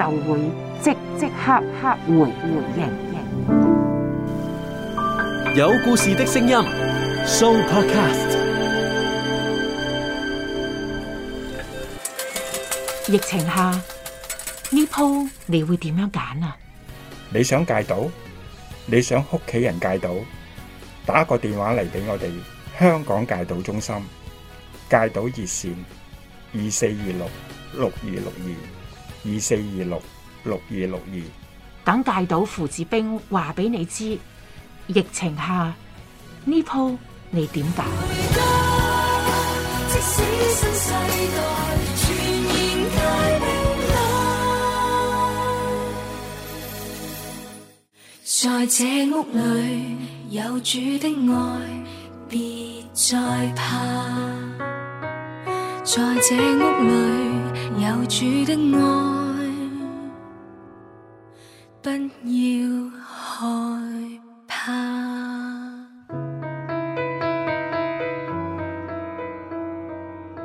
就會即即刻刻回回應。有故事的聲音，So Podcast。疫情下呢鋪你會點樣揀啊？你想戒賭？你想屋企人戒賭？打個電話嚟俾我哋香港戒賭中心戒賭熱線：二四二六六二六二。二四二六六二六二，等戒到父子兵話俾你知，疫情下呢鋪你點辦？在這屋裏有主的愛，別再在這屋裏有主的愛，不要害怕。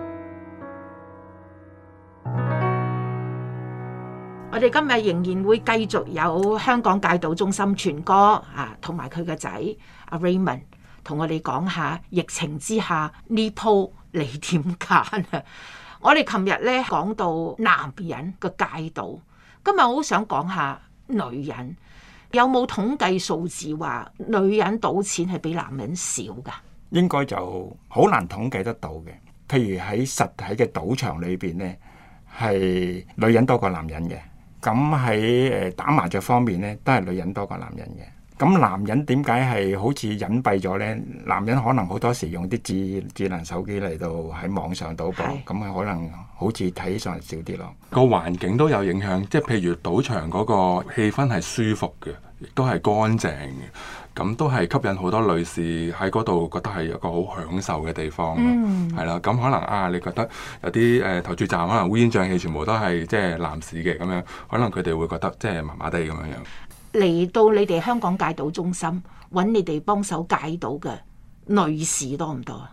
我哋今日仍然會繼續有香港戒毒中心全哥啊，同埋佢個仔阿 Raymond 同我哋講下疫情之下呢鋪。你點解啊？我哋琴日咧講到男人個戒賭，今日我好想講下女人，有冇統計數字話女人賭錢係比男人少噶？應該就好難統計得到嘅。譬如喺實體嘅賭場裏邊咧，係女人多過男人嘅。咁喺誒打麻雀方面咧，都係女人多過男人嘅。咁男人點解係好似隱蔽咗呢？男人可能好多時用啲智智能手機嚟到喺網上賭博，咁佢的可能好似睇上嚟少啲咯。個環境都有影響，即係譬如賭場嗰個氣氛係舒服嘅，亦都係乾淨嘅，咁都係吸引好多女士喺嗰度覺得係一個好享受嘅地方咯。係啦、嗯，咁可能啊，你覺得有啲誒、呃、投注站可能烏煙瘴氣，全部都係即係男士嘅咁樣，可能佢哋會覺得即係麻麻地咁樣樣。嚟到你哋香港戒賭中心揾你哋幫手戒賭嘅女士多唔多啊、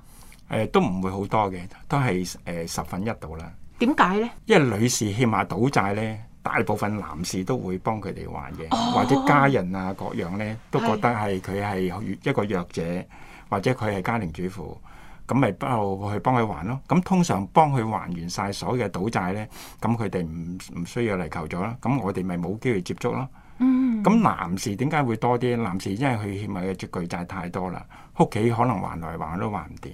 呃？都唔會好多嘅，都係誒、呃、十分一度啦。點解呢？因為女士欠下賭債呢，大部分男士都會幫佢哋還嘅，哦、或者家人啊各樣呢，都覺得係佢係一個弱者，或者佢係家庭主婦，咁咪之後去幫佢還咯。咁通常幫佢還完晒所有嘅賭債呢，咁佢哋唔唔需要嚟求助啦。咁我哋咪冇機會接觸咯。嗯，咁男士點解會多啲？男士因為佢欠埋嘅巨債太多啦，屋企可能還來還都還唔掂，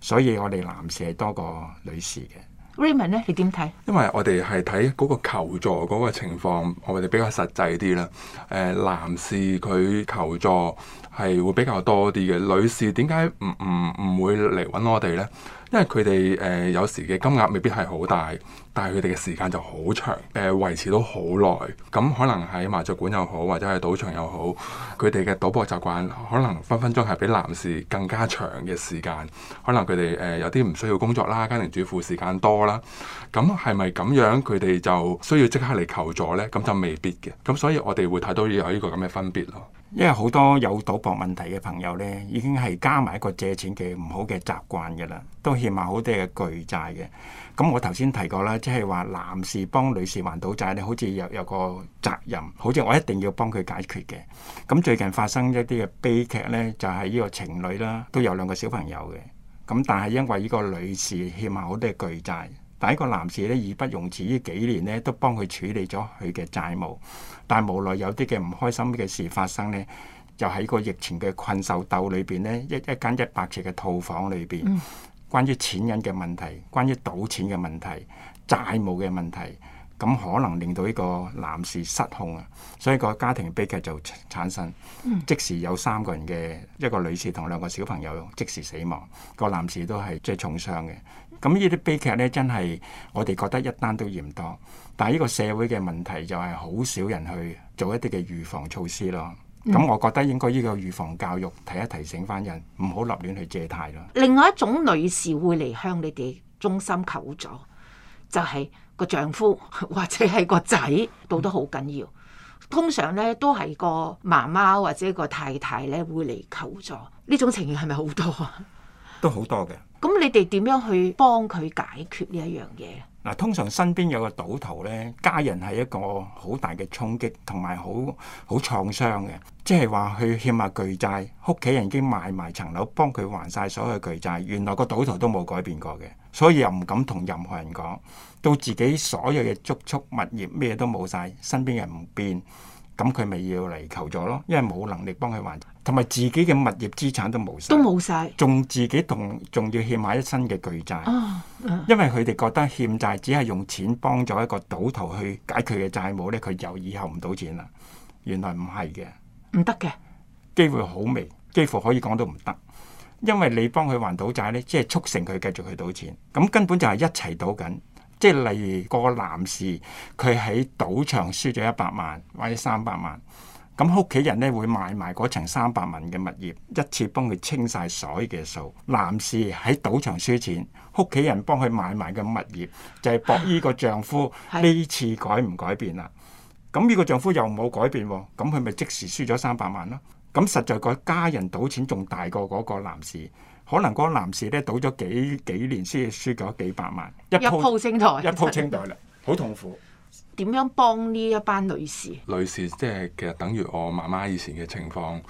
所以我哋男士係多過女士嘅。Raymond 咧，你點睇？因為我哋係睇嗰個求助嗰個情況，我哋比較實際啲啦。誒、呃，男士佢求助係會比較多啲嘅，女士點解唔唔唔會嚟揾我哋咧？因為佢哋誒有時嘅金額未必係好大，但係佢哋嘅時間就好長，誒、呃、維持到好耐。咁可能喺麻雀館又好，或者係賭場又好，佢哋嘅賭博習慣可能分分鐘係比男士更加長嘅時間。可能佢哋誒有啲唔需要工作啦，家庭主婦時間多啦。咁係咪咁樣佢哋就需要即刻嚟求助呢？咁就未必嘅。咁所以，我哋會睇到有呢個咁嘅分別咯。因為好多有賭博問題嘅朋友呢，已經係加埋一個借錢嘅唔好嘅習慣嘅啦，都欠下好多嘅巨債嘅。咁我頭先提過啦，即係話男士幫女士還賭債呢，好似有有個責任，好似我一定要幫佢解決嘅。咁最近發生一啲嘅悲劇呢，就係呢個情侶啦，都有兩個小朋友嘅。咁但係因為呢個女士欠下好多巨債。但一個男士咧義不容辭，呢幾年咧都幫佢處理咗佢嘅債務，但係無奈有啲嘅唔開心嘅事發生咧，就喺個疫情嘅困獸鬥裏邊咧，一一間一百尺嘅套房裏邊，關於錢銀嘅問題、關於賭錢嘅問題、債務嘅問題，咁可能令到呢個男士失控啊，所以個家庭悲劇就產生，即時有三個人嘅一個女士同兩個小朋友即時死亡，個男士都係即係重傷嘅。咁呢啲悲劇咧，真係我哋覺得一單都嫌多，但係呢個社會嘅問題就係好少人去做一啲嘅預防措施咯。咁、嗯、我覺得應該呢個預防教育提一提醒返人，唔好立亂去借貸咯。另外一種女士會嚟向你哋中心求助，就係、是、個丈夫或者係個仔，賭得好緊要。嗯、通常呢，都係個媽媽或者個太太呢會嚟求助，呢種情形係咪好多啊？都好多嘅，咁你哋點樣去幫佢解決呢一樣嘢？嗱，通常身邊有個賭徒呢，家人係一個好大嘅衝擊同埋好好創傷嘅，即係話佢欠下巨債，屋企人已經賣埋層樓幫佢還晒所有巨債，原來個賭徒都冇改變過嘅，所以又唔敢同任何人講，到自己所有嘅積蓄物業咩都冇晒，身邊人唔變，咁佢咪要嚟求助咯，因為冇能力幫佢還。同埋自己嘅物業資產都冇晒，都冇晒，仲自己同仲要欠下一身嘅巨債。啊啊、因為佢哋覺得欠債只係用錢幫咗一個賭徒去解決嘅債務呢，佢就以後唔賭錢啦。原來唔係嘅，唔得嘅，機會好微，幾乎可以講到唔得。因為你幫佢還賭債呢，即係促成佢繼續去賭錢。咁根本就係一齊賭緊。即係例如個男士，佢喺賭場輸咗一百萬或者三百萬。咁屋企人咧會買埋嗰層三百萬嘅物業，一次幫佢清晒所有嘅數。男士喺賭場輸錢，屋企人幫佢買埋嘅物業就係博依個丈夫呢次改唔改變啦。咁呢個丈夫又冇改變喎，咁佢咪即時輸咗三百萬咯。咁實在個家人賭錢仲大過嗰個男士，可能嗰個男士咧賭咗幾幾年先至輸咗幾百萬，一鋪泡清袋，一鋪清袋啦，好的痛苦。點樣幫呢一班女士？女士即係其實等於我媽媽以前嘅情況。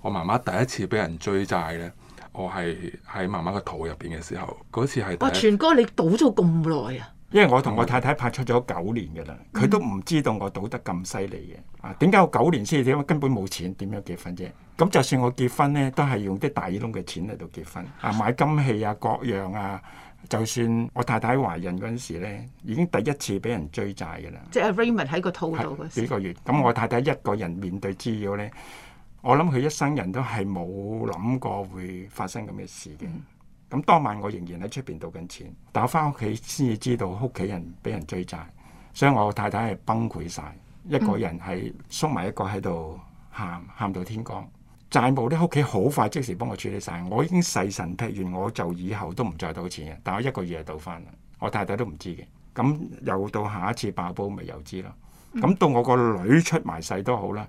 我媽媽第一次俾人追債呢，我係喺媽媽嘅肚入邊嘅時候，嗰次係哇！哥全哥你賭咗咁耐啊！因為我同我太太拍出咗九年嘅啦，佢、嗯、都唔知道我賭得咁犀利嘅啊！點解我九年先？點解根本冇錢，點樣結婚啫？咁就算我結婚呢，都係用啲大耳窿嘅錢嚟到結婚啊！買金器啊，各樣啊！就算我太太懷孕嗰陣時咧，已經第一次俾人追債嘅啦。即係 Raymond 喺個肚度嗰幾個月，咁我太太一個人面對滋擾呢，我諗佢一生人都係冇諗過會發生咁嘅事嘅。咁、嗯、當晚我仍然喺出邊度緊錢，但我翻屋企先至知道屋企人俾人追債，所以我太太係崩潰晒，嗯、一個人喺縮埋一個喺度喊，喊到天光。債務啲屋企好快即時幫我處理晒，我已經誓神劈完，我就以後都唔再賭錢嘅。但我一個月就賭翻啦，我太太都唔知嘅。咁又到下一次爆煲，咪又知咯。咁到我個女出埋世都好啦，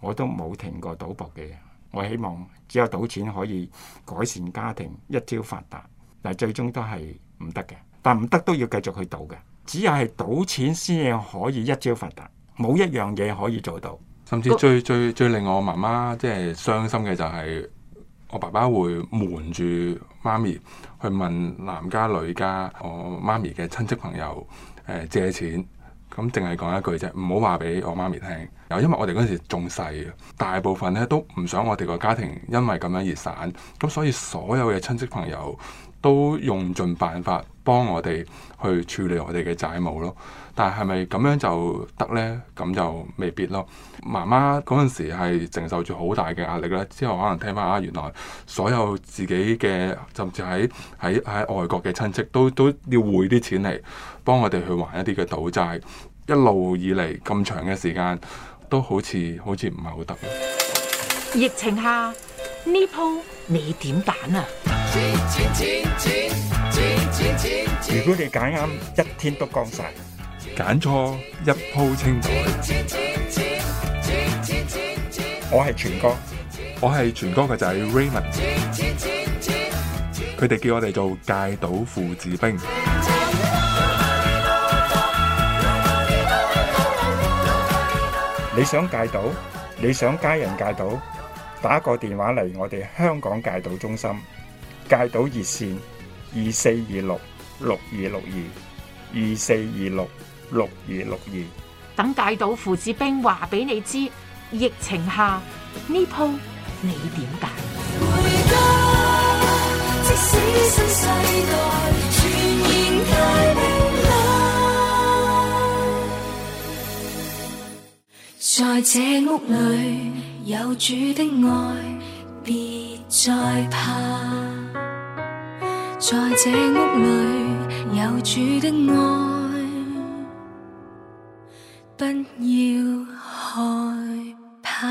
我都冇停過賭博嘅。我希望只有賭錢可以改善家庭，一朝發達，但最終都係唔得嘅。但唔得都要繼續去賭嘅，只有係賭錢先可以一朝發達，冇一樣嘢可以做到。甚至最最最令我媽媽即係傷心嘅就係，我爸爸會瞞住媽咪去問男家女家我媽咪嘅親戚朋友借錢，咁淨係講一句啫，唔好話俾我媽咪聽。又因為我哋嗰陣時仲細，大部分咧都唔想我哋個家庭因為咁樣而散，咁所以所有嘅親戚朋友。都用盡辦法幫我哋去處理我哋嘅債務咯，但係咪咁樣就得呢？咁就未必咯。媽媽嗰陣時係承受住好大嘅壓力啦。之後可能聽翻啊，原來所有自己嘅甚至喺喺喺外國嘅親戚都都要匯啲錢嚟幫我哋去還一啲嘅賭債，一路以嚟咁長嘅時間都好似好似唔係好得。疫情下呢鋪。你點辦啊？如果你揀啱，一天都光晒；揀錯，一鋪清袋。我係全哥，我係全哥嘅仔 Raymond，佢哋叫我哋做戒賭父子兵。你想戒賭？你想家人戒賭？打個電話嚟我哋香港戒賭中心戒賭熱線二四二六六二六二二四二六六二六二，26, 26 2, 26, 26等戒賭父子兵話俾你知，疫情下呢鋪你點解？有主的愛，別再怕，在這屋裏有主的愛，不要害怕。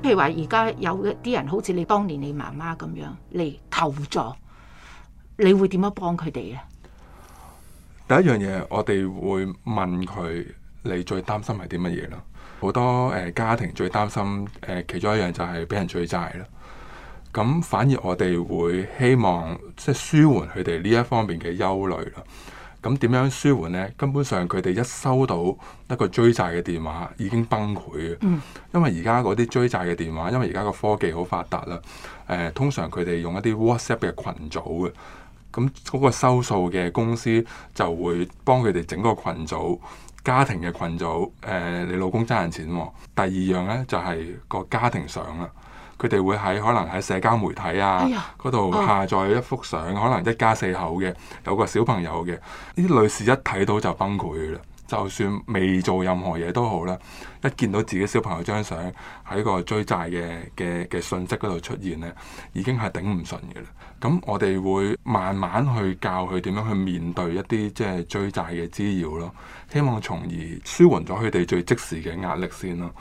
譬如話，而家有一啲人，好似你當年你媽媽咁樣嚟投助。你會點樣幫佢哋咧？第一樣嘢，我哋會問佢：你最擔心係啲乜嘢咯？好多誒、呃、家庭最擔心誒、呃、其中一樣就係俾人追債啦。咁反而我哋會希望即係、就是、舒緩佢哋呢一方面嘅憂慮啦。咁點樣舒緩呢？根本上佢哋一收到一個追債嘅電話，已經崩潰嘅。嗯。因為而家嗰啲追債嘅電話，因為而家個科技好發達啦。誒、呃，通常佢哋用一啲 WhatsApp 嘅群組嘅。咁嗰個收數嘅公司就會幫佢哋整個群組，家庭嘅群組，誒、呃、你老公爭人錢、喔。第二樣呢，就係、是、個家庭相啦，佢哋會喺可能喺社交媒體啊嗰度、哎、呦下載一幅相，可能一家四口嘅，有個小朋友嘅，呢啲女士一睇到就崩潰啦。就算未做任何嘢都好啦，一見到自己小朋友張相喺個追債嘅嘅嘅訊息嗰度出現咧，已經係頂唔順嘅啦。咁我哋會慢慢去教佢點樣去面對一啲即係追債嘅滋擾咯，希望從而舒緩咗佢哋最即時嘅壓力先咯。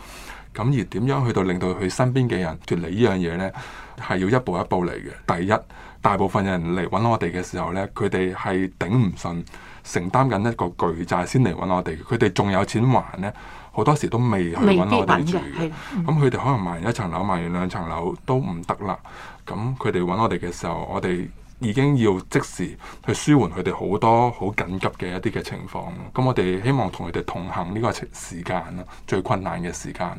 咁而點樣去到令到佢身邊嘅人脫離呢樣嘢咧，係要一步一步嚟嘅。第一，大部分人嚟揾我哋嘅時候咧，佢哋係頂唔順。承擔緊一個巨債先嚟揾我哋，佢哋仲有錢還呢，好多時都未去揾我哋住。咁佢哋可能賣完一層樓，賣完兩層樓都唔得啦。咁佢哋揾我哋嘅時候，我哋已經要即時去舒緩佢哋好多好緊急嘅一啲嘅情況。咁我哋希望同佢哋同行呢個時時間，最困難嘅時間。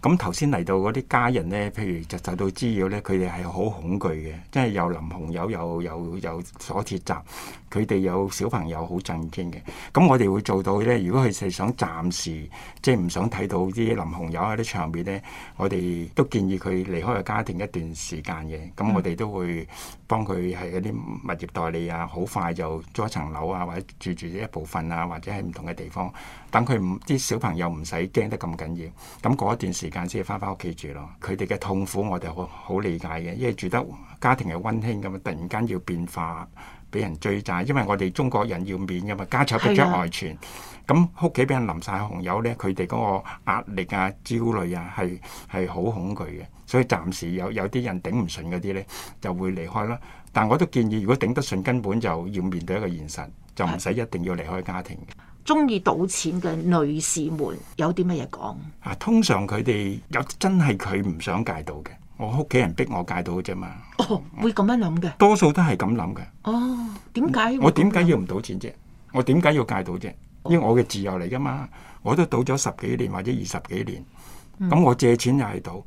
咁頭先嚟到嗰啲家人呢，譬如就受到滋擾呢，佢哋係好恐懼嘅，即係又淋紅油又又又鎖鐵閘。佢哋有小朋友好震驚嘅，咁我哋會做到呢？如果佢哋想暫時即係唔想睇到啲淋紅油喺啲場面呢，我哋都建議佢離開個家庭一段時間嘅。咁我哋都會幫佢係一啲物業代理啊，好快就租一層樓啊，或者住住一部分啊，或者係唔同嘅地方，等佢唔啲小朋友唔使驚得咁緊要。咁過一段時間先至翻返屋企住咯。佢哋嘅痛苦我哋好好理解嘅，因為住得家庭係溫馨咁，突然間要變化。俾人追債，因為我哋中國人要面嘅嘛，家醜不出外傳。咁屋企俾人淋晒紅油呢，佢哋嗰個壓力啊、焦慮啊，係係好恐懼嘅。所以暫時有有啲人頂唔順嗰啲呢，就會離開啦。但我都建議，如果頂得順，根本就要面對一個現實，就唔使一定要離開家庭。中意賭錢嘅女士們，有啲乜嘢講？啊，通常佢哋有真係佢唔想戒賭嘅。我屋企人逼我戒賭啫嘛，oh, 會咁樣諗嘅，多數都係咁諗嘅。哦，oh，點解？我點解要唔賭錢啫？我點解要戒賭啫？Oh. 因為我嘅自由嚟噶嘛，我都賭咗十幾年或者二十幾年，咁我借錢又係賭。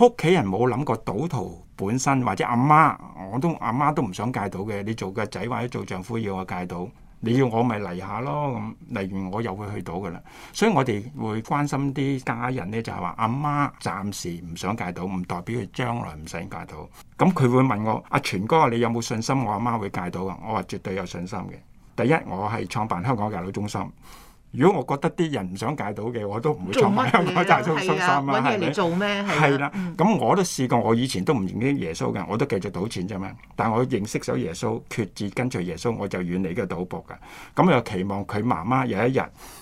屋企人冇諗過賭徒本身，或者阿媽，我都阿媽都唔想戒賭嘅。你做個仔或者做丈夫要我戒賭。你要我咪嚟下咯，咁嚟完我又會去到噶啦，所以我哋會關心啲家人呢就係話阿媽暫時唔想戒到，唔代表佢將來唔使戒到。咁、嗯、佢會問我：阿、啊、全哥，你有冇信心我阿媽會戒到啊？我話絕對有信心嘅。第一，我係創辦香港戒毒中心。如果我覺得啲人唔想戒賭嘅，我都唔會購買開大眾恤衫你做咩？係啦，咁我都試過，我以前都唔認識耶穌嘅，我都繼續賭錢啫嘛。但係我認識咗耶穌，決志跟隨耶穌，我就遠離嘅賭博㗎。咁又期望佢媽媽有一日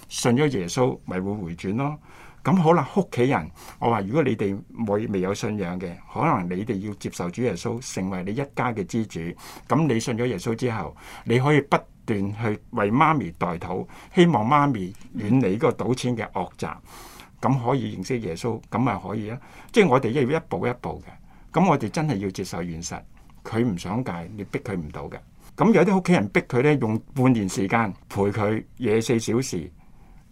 信咗耶穌，咪會回轉咯。咁好啦，屋企人，我話如果你哋未未有信仰嘅，可能你哋要接受主耶穌，成為你一家嘅之主。咁你信咗耶穌之後，你可以不段去為媽咪代禱，希望媽咪遠離嗰個賭錢嘅惡習，咁可以認識耶穌，咁咪可以啊！即係我哋要一步一步嘅，咁我哋真係要接受現實，佢唔想戒，你逼佢唔到嘅。咁有啲屋企人逼佢呢，用半年時間陪佢廿四小時，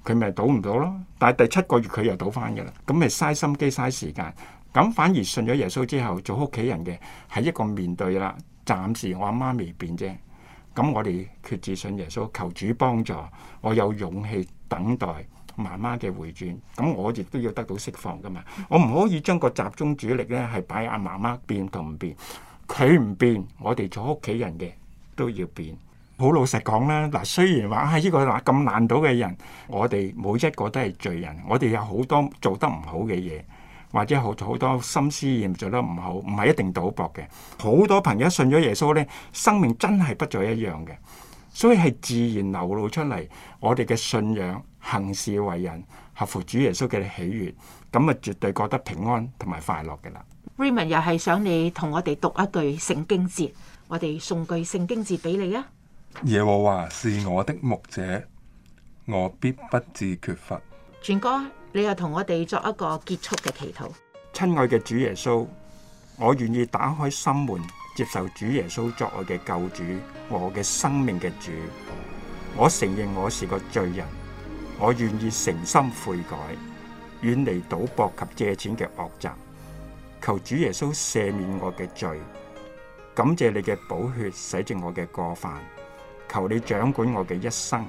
佢咪賭唔到咯。但係第七個月佢又賭翻嘅啦，咁咪嘥心機嘥時間，咁反而信咗耶穌之後，做屋企人嘅係一個面對啦。暫時我阿媽咪變啫。咁我哋決志信耶穌，求主幫助。我有勇氣等待媽媽嘅回轉。咁我亦都要得到釋放㗎嘛？我唔可以將個集中主力呢係擺阿媽媽變同唔變，佢唔變，我哋做屋企人嘅都要變。好老實講啦，嗱，雖然話呢依個咁爛到嘅人，我哋每一個都係罪人，我哋有好多做得唔好嘅嘢。或者好好多心思念做得唔好，唔係一定賭博嘅。好多朋友信咗耶穌呢，生命真係不再一樣嘅，所以係自然流露出嚟我哋嘅信仰，行事為人合乎主耶穌嘅喜悅，咁啊絕對覺得平安同埋快樂嘅啦。Raymond 又係想你同我哋讀一句聖經節，我哋送句聖經節俾你啊。耶和華是我的牧者，我必不至缺乏。全哥。你又同我哋作一個結束嘅祈禱。親愛嘅主耶穌，我願意打開心門，接受主耶穌作我嘅救主，我嘅生命嘅主。我承認我係個罪人，我願意誠心悔改，遠離賭博及借錢嘅惡習。求主耶穌赦免我嘅罪，感謝你嘅寶血洗淨我嘅過犯。求你掌管我嘅一生，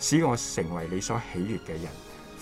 使我成為你所喜悅嘅人。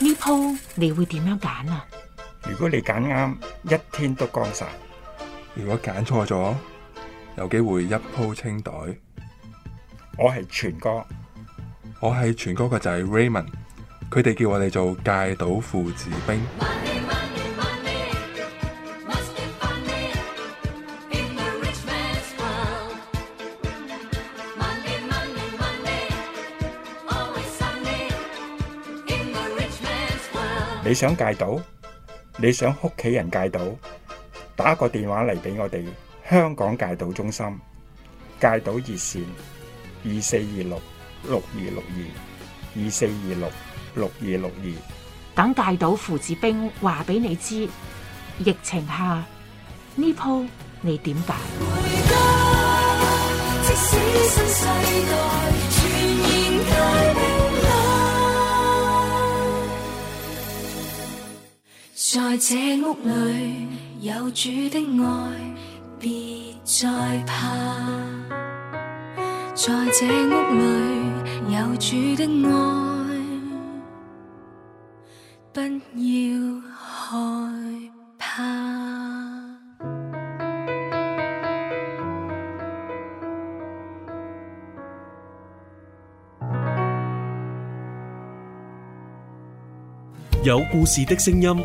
呢鋪你會點樣揀啊？如果你揀啱，一天都光晒；如果揀錯咗，有機會一鋪清袋。我係全哥，我係全哥個仔 Raymond，佢哋叫我哋做戒賭父子兵。 你想戒賭？你想屋企人戒賭？打個電話嚟俾我哋，香港戒賭中心戒賭熱線二四二六六二六二二四二六六二六二。26, 26 2, 26, 26，等戒賭父子兵話俾你知，疫情下呢鋪你點辦？在這屋裏有主的愛，別再怕。在這屋裏有主的愛，不要害怕。有故事的聲音。